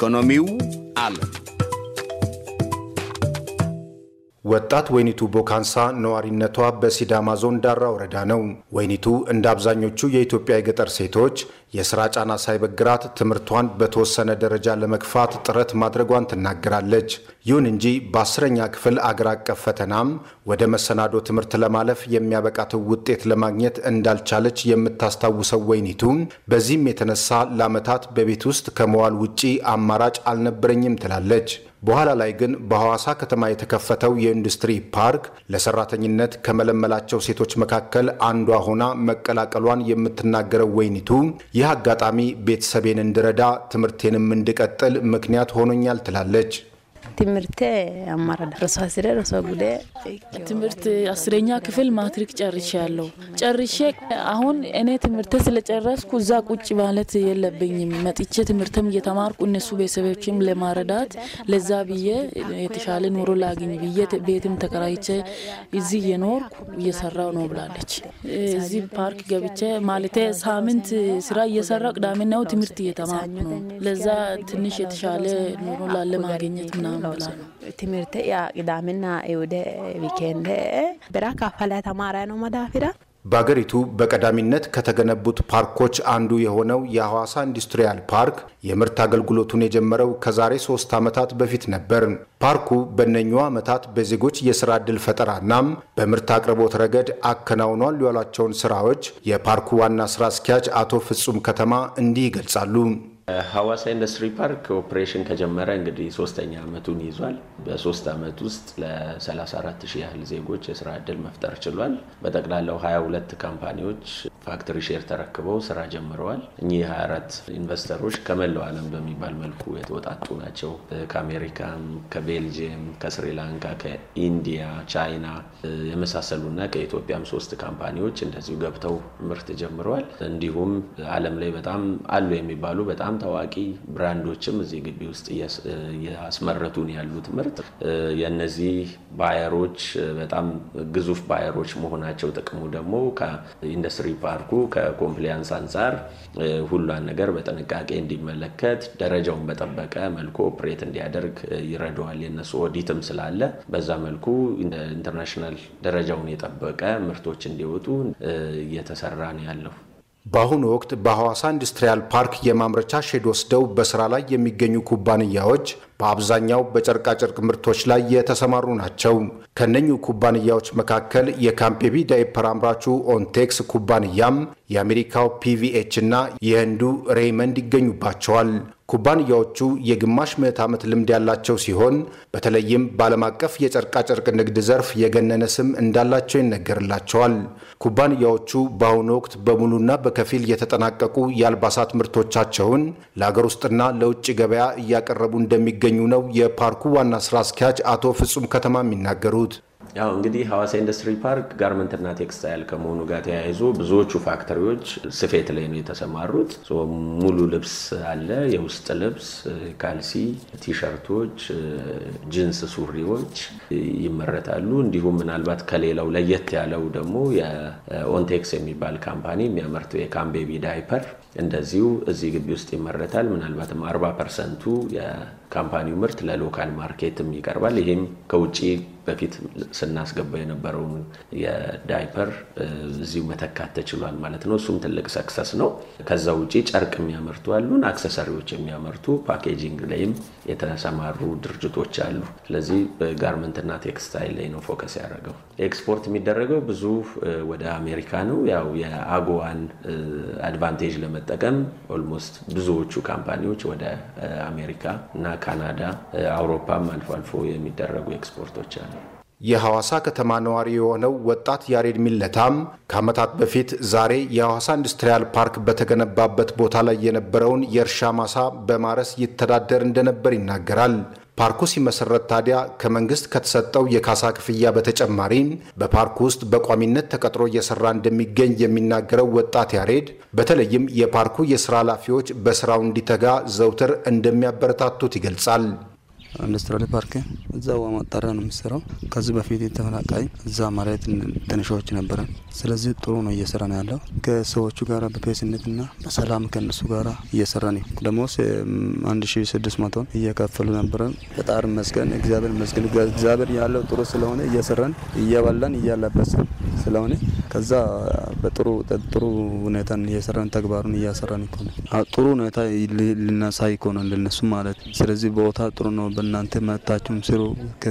ኢኮኖሚው አለ። ወጣት ወይኒቱ ቦካንሳ ነዋሪነቷ በሲዳማ ዞን ዳራ ወረዳ ነው። ወይኒቱ እንደ አብዛኞቹ የኢትዮጵያ የገጠር ሴቶች የስራ ጫና ሳይበግራት ትምህርቷን በተወሰነ ደረጃ ለመግፋት ጥረት ማድረጓን ትናገራለች። ይሁን እንጂ በአስረኛ ክፍል አገር አቀፍ ፈተናም ወደ መሰናዶ ትምህርት ለማለፍ የሚያበቃትን ውጤት ለማግኘት እንዳልቻለች የምታስታውሰው ወይኒቱ በዚህም የተነሳ ለአመታት በቤት ውስጥ ከመዋል ውጪ አማራጭ አልነበረኝም ትላለች። በኋላ ላይ ግን በሐዋሳ ከተማ የተከፈተው የኢንዱስትሪ ፓርክ ለሰራተኝነት ከመለመላቸው ሴቶች መካከል አንዷ ሆና መቀላቀሏን የምትናገረው ወይኒቱ ይህ አጋጣሚ ቤተሰቤን እንድረዳ ትምህርቴንም እንድቀጥል ምክንያት ሆኖኛል ትላለች። ትምህርቴ አማራ ርሶ አስሬ ርሶ ጉዴ ትምህርት አስረኛ ክፍል ማትሪክ ጨርሼ ያለው ጨርሼ አሁን እኔ ትምህርቴ ስለጨረስኩ እዛ ቁጭ ማለት የለብኝም። መጥቼ ትምህርትም እየተማርኩ እነሱ ቤተሰቦችም ለማረዳት ለዛ ብዬ የተሻለ ኑሮ ላግኝ ብዬ ቤትም ተከራይቼ እዚህ እየኖርኩ እየሰራው ነው ብላለች። እዚህ ፓርክ ገብቼ ማለቴ ሳምንት ስራ እየሰራ ቅዳሜ ትምህርት እየተማርኩ ነው። ለዛ ትንሽ የተሻለ ኑሮ ላለማግኘት ምናምን ነው ትምህርት ያ ቅዳሜና እሁድ ዊኬንድ ብራ ካፈለ ተማረ ነው መዳፊራ በአገሪቱ በቀዳሚነት ከተገነቡት ፓርኮች አንዱ የሆነው የሐዋሳ ኢንዱስትሪያል ፓርክ የምርት አገልግሎቱን የጀመረው ከዛሬ ሶስት ዓመታት በፊት ነበር። ፓርኩ በእነኙ ዓመታት በዜጎች የሥራ ዕድል ፈጠራናም በምርት አቅርቦት ረገድ አከናውኗል ያሏቸውን ሥራዎች የፓርኩ ዋና ሥራ አስኪያጅ አቶ ፍጹም ከተማ እንዲህ ይገልጻሉ። ሀዋሳ ኢንዱስትሪ ፓርክ ኦፕሬሽን ከጀመረ እንግዲህ ሶስተኛ ዓመቱን ይዟል። በሶስት ዓመት ውስጥ ለ34 ሺህ ያህል ዜጎች የስራ እድል መፍጠር ችሏል። በጠቅላላው 22 ካምፓኒዎች ፋክትሪ ሼር ተረክበው ስራ ጀምረዋል። እኚህ 24 ኢንቨስተሮች ከመላው ዓለም በሚባል መልኩ የተወጣጡ ናቸው። ከአሜሪካም፣ ከቤልጅየም፣ ከስሪላንካ፣ ከኢንዲያ፣ ቻይና የመሳሰሉና ከኢትዮጵያም ሶስት ካምፓኒዎች እንደዚሁ ገብተው ምርት ጀምረዋል። እንዲሁም ዓለም ላይ በጣም አሉ የሚባሉ በጣም ታዋቂ ብራንዶችም እዚህ ግቢ ውስጥ እያስመረቱ ያሉት ምርት የነዚህ ባየሮች በጣም ግዙፍ ባየሮች መሆናቸው ጥቅሙ ደግሞ ከኢንዱስትሪ ፓርኩ ከኮምፕሊያንስ አንጻር ሁሏን ነገር በጥንቃቄ እንዲመለከት ደረጃውን በጠበቀ መልኩ ኦፕሬት እንዲያደርግ ይረዳዋል። የነሱ ኦዲትም ስላለ በዛ መልኩ ኢንተርናሽናል ደረጃውን የጠበቀ ምርቶች እንዲወጡ እየተሰራ ነው ያለው። በአሁኑ ወቅት በሐዋሳ ኢንዱስትሪያል ፓርክ የማምረቻ ሼድ ወስደው በስራ ላይ የሚገኙ ኩባንያዎች በአብዛኛው በጨርቃጨርቅ ምርቶች ላይ የተሰማሩ ናቸው። ከነኙ ኩባንያዎች መካከል የካምፔቢ ዳይፐር አምራቹ ኦንቴክስ ኩባንያም የአሜሪካው ፒቪኤች እና የህንዱ ሬይመንድ ይገኙባቸዋል። ኩባንያዎቹ የግማሽ ምዕት ዓመት ልምድ ያላቸው ሲሆን በተለይም በዓለም አቀፍ የጨርቃጨርቅ ንግድ ዘርፍ የገነነ ስም እንዳላቸው ይነገርላቸዋል። ኩባንያዎቹ በአሁኑ ወቅት በሙሉና በከፊል የተጠናቀቁ የአልባሳት ምርቶቻቸውን ለአገር ውስጥና ለውጭ ገበያ እያቀረቡ እንደሚገኙ እንደሚገኙ ነው የፓርኩ ዋና ስራ አስኪያጅ አቶ ፍጹም ከተማ የሚናገሩት። ያው እንግዲህ ሐዋሳ ኢንዱስትሪ ፓርክ ጋርመንትና ቴክስታይል ከመሆኑ ጋር ተያይዞ ብዙዎቹ ፋክተሪዎች ስፌት ላይ ነው የተሰማሩት። ሙሉ ልብስ አለ፣ የውስጥ ልብስ፣ ካልሲ፣ ቲሸርቶች፣ ጂንስ ሱሪዎች ይመረታሉ። እንዲሁም ምናልባት ከሌላው ለየት ያለው ደግሞ የኦንቴክስ የሚባል ካምፓኒ የሚያመርተው የካምቤቢ ዳይፐር እንደዚሁ እዚህ ግቢ ውስጥ ይመረታል። ምናልባትም አርባ ፐርሰንቱ ካምፓኒው ምርት ለሎካል ማርኬትም ይቀርባል። ይህም ከውጭ በፊት ስናስገባ የነበረውን የዳይፐር እዚሁ መተካት ተችሏል ማለት ነው። እሱም ትልቅ ሰክሰስ ነው። ከዛ ውጭ ጨርቅ የሚያመርቱ አሉን፣ አክሰሰሪዎች የሚያመርቱ ፓኬጂንግ ላይም የተሰማሩ ድርጅቶች አሉ። ስለዚህ በጋርመንትና ቴክስታይል ላይ ነው ፎከስ ያደረገው። ኤክስፖርት የሚደረገው ብዙ ወደ አሜሪካ ነው። ያው የአጎዋን አድቫንቴጅ ለመጠቀም ኦልሞስት ብዙዎቹ ካምፓኒዎች ወደ አሜሪካ እና ካናዳ፣ አውሮፓም አልፎ አልፎ የሚደረጉ ኤክስፖርቶች አሉ። የሐዋሳ ከተማ ነዋሪ የሆነው ወጣት ያሬድ ሚለታም ከዓመታት በፊት ዛሬ የሐዋሳ ኢንዱስትሪያል ፓርክ በተገነባበት ቦታ ላይ የነበረውን የእርሻ ማሳ በማረስ ይተዳደር እንደነበር ይናገራል። ፓርኩ ሲመሰረት ታዲያ ከመንግስት ከተሰጠው የካሳ ክፍያ በተጨማሪ በፓርኩ ውስጥ በቋሚነት ተቀጥሮ እየሰራ እንደሚገኝ የሚናገረው ወጣት ያሬድ በተለይም የፓርኩ የስራ ኃላፊዎች በስራው እንዲተጋ ዘውትር እንደሚያበረታቱት ይገልጻል። ኢንዱስትሪያል ፓርክ እዛ ማጣሪያ ነው የሚሰራው። ከዚህ በፊት የተፈናቃይ እዛ ማለት ትንሾች ነበረ። ስለዚህ ጥሩ ነው እየሰራ ነው ያለው ከሰዎቹ ጋር በፔስነትና በሰላም ከእነሱ ጋር እየሰራ ነው። ደሞዝ አንድ ሺ ስድስት መቶ እየከፈሉ ነበረ። ፈጣሪ ይመስገን፣ እግዚአብሔር ይመስገን። እግዚአብሔር ያለው ጥሩ ስለሆነ እየሰራን እየበላን እያለበስን ስለሆነ ከዛ በጥሩ ጥሩ ሁኔታን እየሰራን ተግባሩን እያሰራን ይኮነ ጥሩ ሁኔታ ልናሳይ እኮ ነው እንደነሱ ማለት። ስለዚህ ቦታ ጥሩ ነው፣ በእናንተ መታችሁም ስሩ፣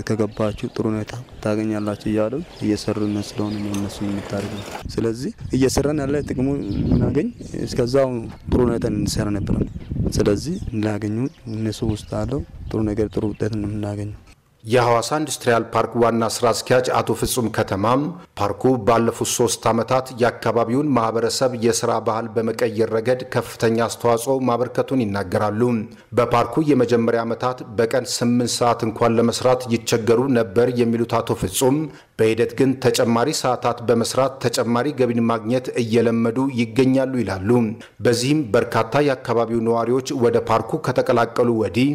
ከገባችሁ ጥሩ ሁኔታ ታገኛላችሁ እያሉ እየሰሩ ስለሆነ ነው እነሱ የምታደርግ። ስለዚህ እየሰራን ያለ ጥቅሙ እናገኝ እስከዛው ጥሩ ሁኔታ እንሰራ ነበረ። ስለዚህ እንዳገኙ እነሱ ውስጥ አለው ጥሩ ነገር ጥሩ ውጤት ነው የምናገኘው። የሐዋሳ ኢንዱስትሪያል ፓርክ ዋና ስራ አስኪያጅ አቶ ፍጹም ከተማም ፓርኩ ባለፉት ሶስት ዓመታት የአካባቢውን ማህበረሰብ የስራ ባህል በመቀየር ረገድ ከፍተኛ አስተዋጽኦ ማበርከቱን ይናገራሉ። በፓርኩ የመጀመሪያ ዓመታት በቀን ስምንት ሰዓት እንኳን ለመስራት ይቸገሩ ነበር የሚሉት አቶ ፍጹም በሂደት ግን ተጨማሪ ሰዓታት በመስራት ተጨማሪ ገቢን ማግኘት እየለመዱ ይገኛሉ ይላሉ። በዚህም በርካታ የአካባቢው ነዋሪዎች ወደ ፓርኩ ከተቀላቀሉ ወዲህ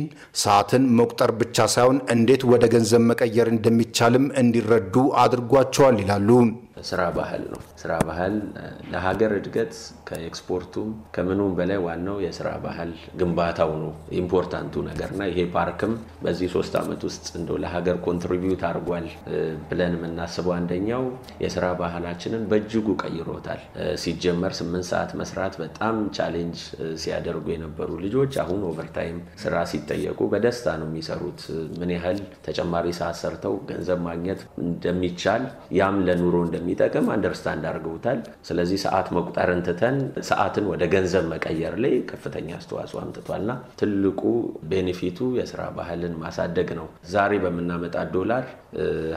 ሰዓትን መቁጠር ብቻ ሳይሆን እንዴት ወደ ገንዘብ መቀየር እንደሚቻልም እንዲረዱ አድርጓቸዋል ይላሉ። ስራ ባህል ነው። ስራ ባህል ለሀገር እድገት ከኤክስፖርቱም ከምኑም በላይ ዋናው የስራ ባህል ግንባታው ነው ኢምፖርታንቱ ነገርና ይሄ ፓርክም በዚህ ሶስት ዓመት ውስጥ እንደው ለሀገር ኮንትሪቢዩት አድርጓል ብለን የምናስበው አንደኛው የስራ ባህላችንን በእጅጉ ቀይሮታል። ሲጀመር ስምንት ሰዓት መስራት በጣም ቻሌንጅ ሲያደርጉ የነበሩ ልጆች አሁን ኦቨርታይም ስራ ሲጠየቁ በደስታ ነው የሚሰሩት። ምን ያህል ተጨማሪ ሰዓት ሰርተው ገንዘብ ማግኘት እንደሚቻል ያም ለኑሮ እንደ እንደሚጠቅም አንደርስታንድ አድርገውታል። ስለዚህ ሰዓት መቁጠርን ትተን ሰዓትን ወደ ገንዘብ መቀየር ላይ ከፍተኛ አስተዋጽኦ አምጥቷልና ትልቁ ቤኔፊቱ የስራ ባህልን ማሳደግ ነው። ዛሬ በምናመጣ ዶላር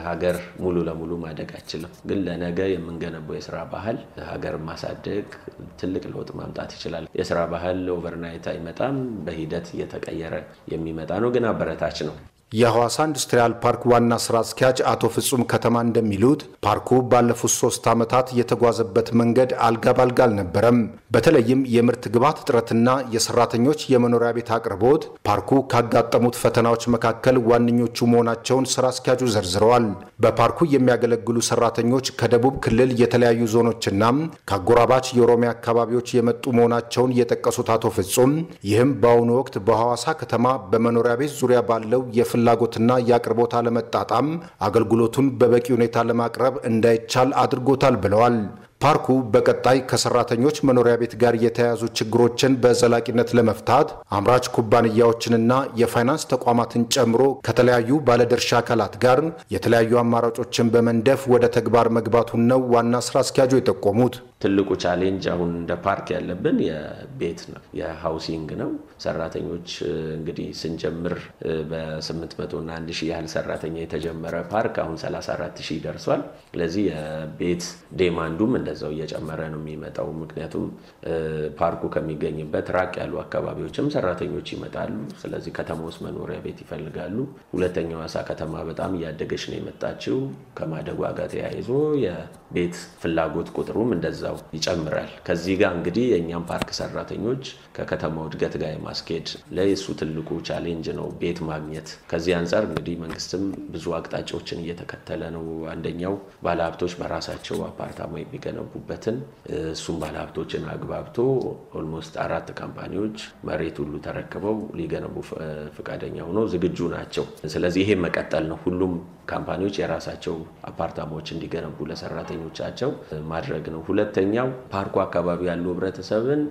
ሀገር ሙሉ ለሙሉ ማደግ አይችልም፣ ግን ለነገ የምንገነባው የስራ ባህል ሀገር ማሳደግ ትልቅ ለውጥ ማምጣት ይችላል። የስራ ባህል ኦቨርናይት አይመጣም፣ በሂደት እየተቀየረ የሚመጣ ነው፣ ግን አበረታች ነው። የሐዋሳ ኢንዱስትሪያል ፓርክ ዋና ስራ አስኪያጅ አቶ ፍጹም ከተማ እንደሚሉት ፓርኩ ባለፉት ሶስት ዓመታት የተጓዘበት መንገድ አልጋ ባልጋ አልነበረም። በተለይም የምርት ግብዓት እጥረትና የሰራተኞች የመኖሪያ ቤት አቅርቦት ፓርኩ ካጋጠሙት ፈተናዎች መካከል ዋነኞቹ መሆናቸውን ስራ አስኪያጁ ዘርዝረዋል። በፓርኩ የሚያገለግሉ ሰራተኞች ከደቡብ ክልል የተለያዩ ዞኖችና ከአጎራባች የኦሮሚያ አካባቢዎች የመጡ መሆናቸውን የጠቀሱት አቶ ፍጹም ይህም በአሁኑ ወቅት በሐዋሳ ከተማ በመኖሪያ ቤት ዙሪያ ባለው የፍ ፍላጎትና የአቅርቦት አለመጣጣም አገልግሎቱን በበቂ ሁኔታ ለማቅረብ እንዳይቻል አድርጎታል ብለዋል። ፓርኩ በቀጣይ ከሰራተኞች መኖሪያ ቤት ጋር የተያያዙ ችግሮችን በዘላቂነት ለመፍታት አምራች ኩባንያዎችንና የፋይናንስ ተቋማትን ጨምሮ ከተለያዩ ባለድርሻ አካላት ጋር የተለያዩ አማራጮችን በመንደፍ ወደ ተግባር መግባቱን ነው ዋና ስራ አስኪያጁ የጠቆሙት። ትልቁ ቻሌንጅ አሁን እንደ ፓርክ ያለብን የቤት ነው፣ የሃውሲንግ ነው። ሰራተኞች እንግዲህ ስንጀምር በ800 እና 1 ሺህ ያህል ሰራተኛ የተጀመረ ፓርክ አሁን 34 ሺህ ደርሷል። ስለዚህ የቤት ዴማንዱም እንደዛው እየጨመረ ነው የሚመጣው። ምክንያቱም ፓርኩ ከሚገኝበት ራቅ ያሉ አካባቢዎችም ሰራተኞች ይመጣሉ። ስለዚህ ከተማ ውስጥ መኖሪያ ቤት ይፈልጋሉ። ሁለተኛው አሳ ከተማ በጣም እያደገች ነው የመጣችው። ከማደጓ ጋር ተያይዞ የቤት ፍላጎት ቁጥሩም እንደዛ በዛው ይጨምራል። ከዚህ ጋር እንግዲህ የእኛም ፓርክ ሰራተኞች ከከተማው እድገት ጋር የማስኬድ ለሱ ትልቁ ቻሌንጅ ነው ቤት ማግኘት። ከዚህ አንጻር እንግዲህ መንግስትም ብዙ አቅጣጫዎችን እየተከተለ ነው። አንደኛው ባለሀብቶች በራሳቸው አፓርታማ የሚገነቡበትን እሱም ባለሀብቶችን አግባብቶ ኦልሞስት አራት ካምፓኒዎች መሬት ሁሉ ተረክበው ሊገነቡ ፈቃደኛ ሆነው ዝግጁ ናቸው። ስለዚህ ይሄ መቀጠል ነው። ሁሉም ካምፓኒዎች የራሳቸው አፓርታማዎች እንዲገነቡ ለሰራተኞቻቸው ማድረግ ነው። ሁለት ሁለተኛው ፓርኩ አካባቢ ያሉ ህብረተሰብን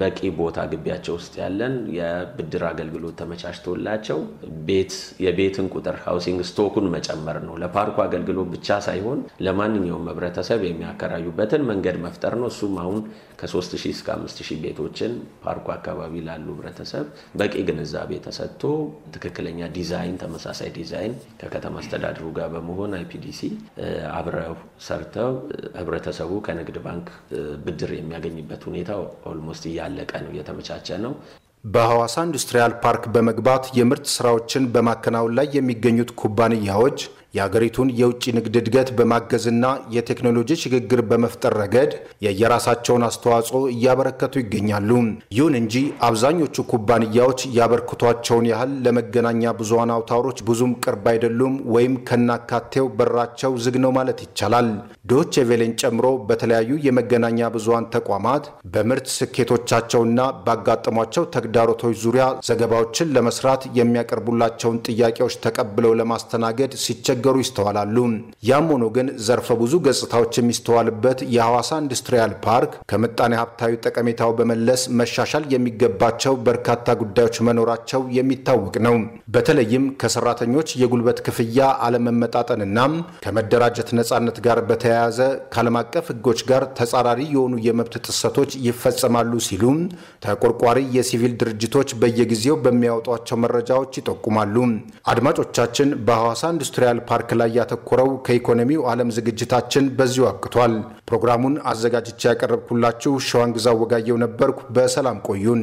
በቂ ቦታ ግቢያቸው ውስጥ ያለን የብድር አገልግሎት ተመቻችቶላቸው ቤት የቤትን ቁጥር ሃውሲንግ ስቶኩን መጨመር ነው። ለፓርኩ አገልግሎት ብቻ ሳይሆን ለማንኛውም ህብረተሰብ የሚያከራዩበትን መንገድ መፍጠር ነው። እሱም አሁን ከ3 እስከ 5 ቤቶችን ፓርኩ አካባቢ ላሉ ህብረተሰብ በቂ ግንዛቤ ተሰጥቶ ትክክለኛ ዲዛይን ተመሳሳይ ዲዛይን ከከተማ አስተዳድሩ ጋር በመሆን አይፒዲሲ አብረው ሰርተው ህብረተሰቡ ከንግድ ባንክ ባንክ ብድር የሚያገኝበት ሁኔታ ኦልሞስት እያለቀ ነው፣ እየተመቻቸ ነው። በሐዋሳ ኢንዱስትሪያል ፓርክ በመግባት የምርት ስራዎችን በማከናወን ላይ የሚገኙት ኩባንያዎች የአገሪቱን የውጭ ንግድ እድገት በማገዝና የቴክኖሎጂ ሽግግር በመፍጠር ረገድ የየራሳቸውን አስተዋጽኦ እያበረከቱ ይገኛሉ። ይሁን እንጂ አብዛኞቹ ኩባንያዎች ያበርክቷቸውን ያህል ለመገናኛ ብዙሃን አውታሮች ብዙም ቅርብ አይደሉም ወይም ከናካቴው በራቸው ዝግ ነው ማለት ይቻላል። ዶች ቬሌን ጨምሮ በተለያዩ የመገናኛ ብዙሃን ተቋማት በምርት ስኬቶቻቸውና ባጋጠሟቸው ተግዳሮቶች ዙሪያ ዘገባዎችን ለመስራት የሚያቀርቡላቸውን ጥያቄዎች ተቀብለው ለማስተናገድ ሲቸግ ሲቸገሩ ይስተዋላሉ። ያም ሆኖ ግን ዘርፈ ብዙ ገጽታዎች የሚስተዋልበት የሐዋሳ ኢንዱስትሪያል ፓርክ ከምጣኔ ሀብታዊ ጠቀሜታው በመለስ መሻሻል የሚገባቸው በርካታ ጉዳዮች መኖራቸው የሚታወቅ ነው። በተለይም ከሰራተኞች የጉልበት ክፍያ አለመመጣጠንና ከመደራጀት ነጻነት ጋር በተያያዘ ከዓለም አቀፍ ሕጎች ጋር ተጻራሪ የሆኑ የመብት ጥሰቶች ይፈጸማሉ ሲሉ ተቆርቋሪ የሲቪል ድርጅቶች በየጊዜው በሚያወጧቸው መረጃዎች ይጠቁማሉ። አድማጮቻችን በሐዋሳ ኢንዱስትሪያል ፓርክ ፓርክ ላይ ያተኮረው ከኢኮኖሚው ዓለም ዝግጅታችን በዚሁ አብቅቷል። ፕሮግራሙን አዘጋጅቼ ያቀረብኩላችሁ ሸዋንግዛ ወጋየው ነበርኩ። በሰላም ቆዩን።